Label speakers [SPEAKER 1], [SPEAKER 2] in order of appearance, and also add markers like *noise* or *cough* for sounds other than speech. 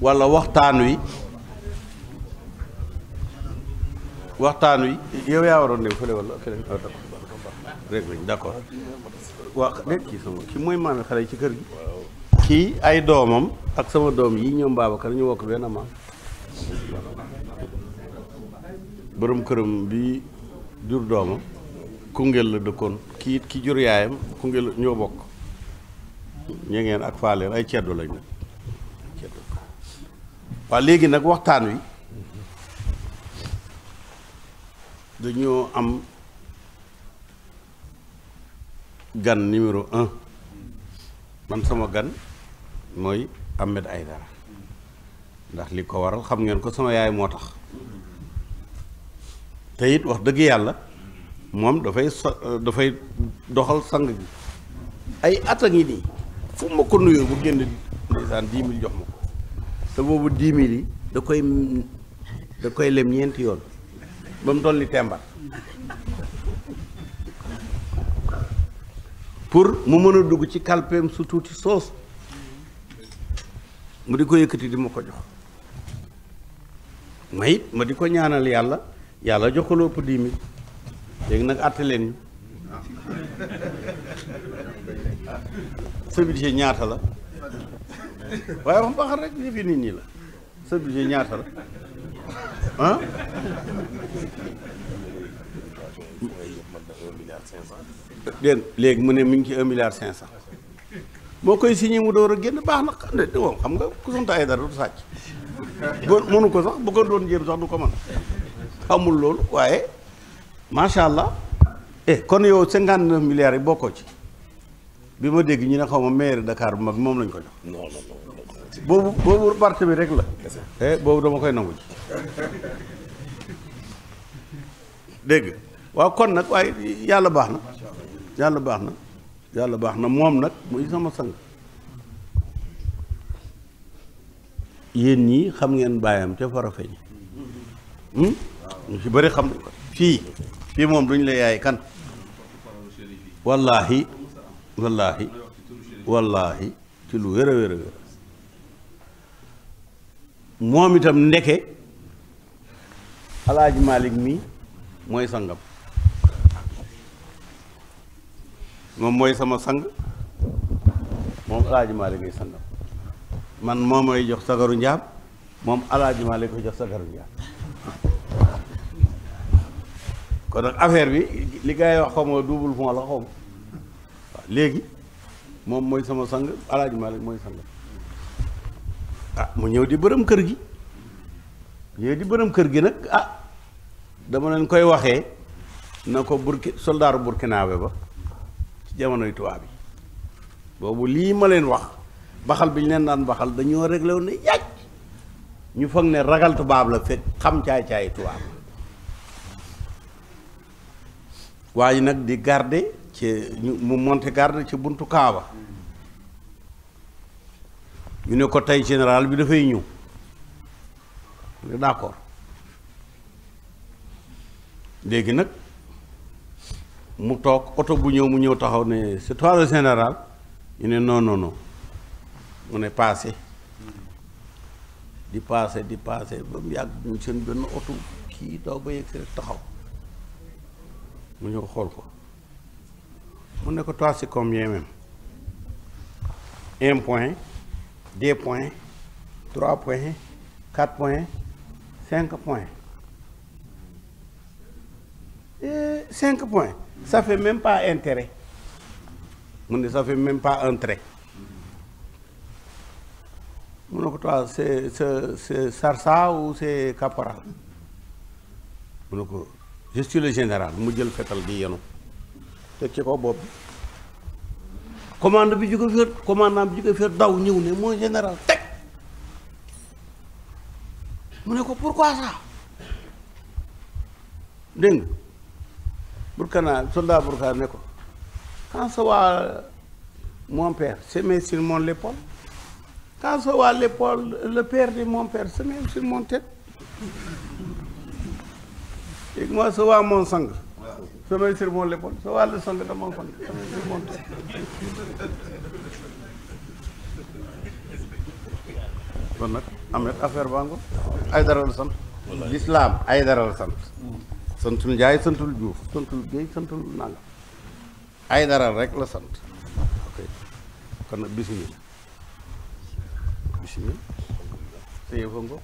[SPEAKER 1] walla waxtaan wi waxtaan wi yow yaa waroon ne fële walla rek lañ d'accord waa rek mooy maami xale yi ci kër gi kii ay doomam ak sama doom yi ñoom Babacar ñu wokk benn maam borom këram bi jur doomam Koungheul la dëkkoon kii ki jur yaayam Koungheul ñoo bokk ña ngeen ak faaleer ay ceddo lañ nag waa léegi nag waxtaan wi dañoo am gan numéro un man sama gan mooy ay Aidara ndax li ko waral xam ngeen ko sama yaay moo tax te it wax dëgg yàlla moom dafay so dafay doxal sang bi ay at a ngi nii fu ma ko nuyoo bu génn ndeysaan dix mille jox ma ko te boobu dix mille yi da koy da koy lem ñeenti yoon ba mu doon ni tembar pour mu mën a dugg ci kalpeem su tuuti soos mu di ko yëkkati di ma ko jox ma ma di ko ñaanal yàlla yàlla jox ko lu ëpp dix léegi nag àtte leen *laughs* sa budget ñaata la waaye wax baaxal rek nit ñi la ñaata la ah. léegi mu ne mi ngi ci un milliard cinq cent moo koy signé mu door a génn baax na xam ne moom xam nga ku sonta ay dara du sàcc bo mënu ko sax bu ko doon jéem sax du ko mën xamul loolu waaye macha allah eh kon yow cinquante neuf milliards yi bokkoo ci bi ma dégg ñu ne xaw ma maire Dakar bu mag moom lañ ko jox. non non boobu boobu parti bi rek la. eh boobu dama koy nangu ji. dégg waaw kon nag waaye yàlla baax na yàlla baax na yàlla baax na moom nag muy sama sang. yéen ñii xam ngeen baayam ca Farafeñ hmm? ñu ci bëri xam nañ ko fii fii moom duñ la yaay kan wallaahi wallaahi wallaahi ci lu wér a wér moom itam ndeke alaaji Malick mi mooy sangam moom mooy sama sang moom alaaji Malick ay sangam man moom mooy jox sagaru njaam moom alaaji Malick koy jox sagaru njaam kon nag affaire bi li gars yi wax xamoo double fond la xaw ma léegi moom mooy sama sang alaaji Maalik mooy sang ah mu ñëw di bërëm kër gi ñëw di bërëm kër gi nag ah dama leen koy waxee na ko burki soldaaru burkinaabe ba ci jamonoy tubaab bi boobu lii ma leen wax baxal bi ñu leen daan baxal dañoo réglé woon ne yaaj ñu foog ne ragal tubaab la fekk xam caay-caay tubaab waa ji nag di garder ci mu monte garde ci buntu Kaaba ñu ne ko tey général bi dafay ñëw ne d'accord léegi nag mu toog oto bu ñëw mu ñëw taxaw ne c'est général ñu ne non non mu ne passé di passé di paase ba mu yàgg ñu seen benn oto kii daw ba yegg si rek taxaw mu ñëw xool ko mun na ko toi c'est combien même un point deux points trois points quatre points cinq points et cinq points ça fait même pas intérêt mu ne ça fait même pas un trait mu ne ko toi c'est c'est sarsa ou c'est caporal mu ne ko je le général mu jël fetal di yenu teg ci kaw bopp bi commande bi jóge féer commandant bi jóge féer daw ñëw ne mooy général teg mu ne ko pourquoi ça dégg nga Burkina soldat Burkina ne ko quand ça mon père se met sur mon épaule quand ça le père de mon père se met sur mon tête et moi ça sang so may sir moon le pon so wàllu songe to mon kon sir moon to kon nag amet affaire baa ngo ay dara la lislaam ay dara la sant santul njaay santul juuf santul ay dara rek la sant kon nag bisimil bisimil téye fa ngo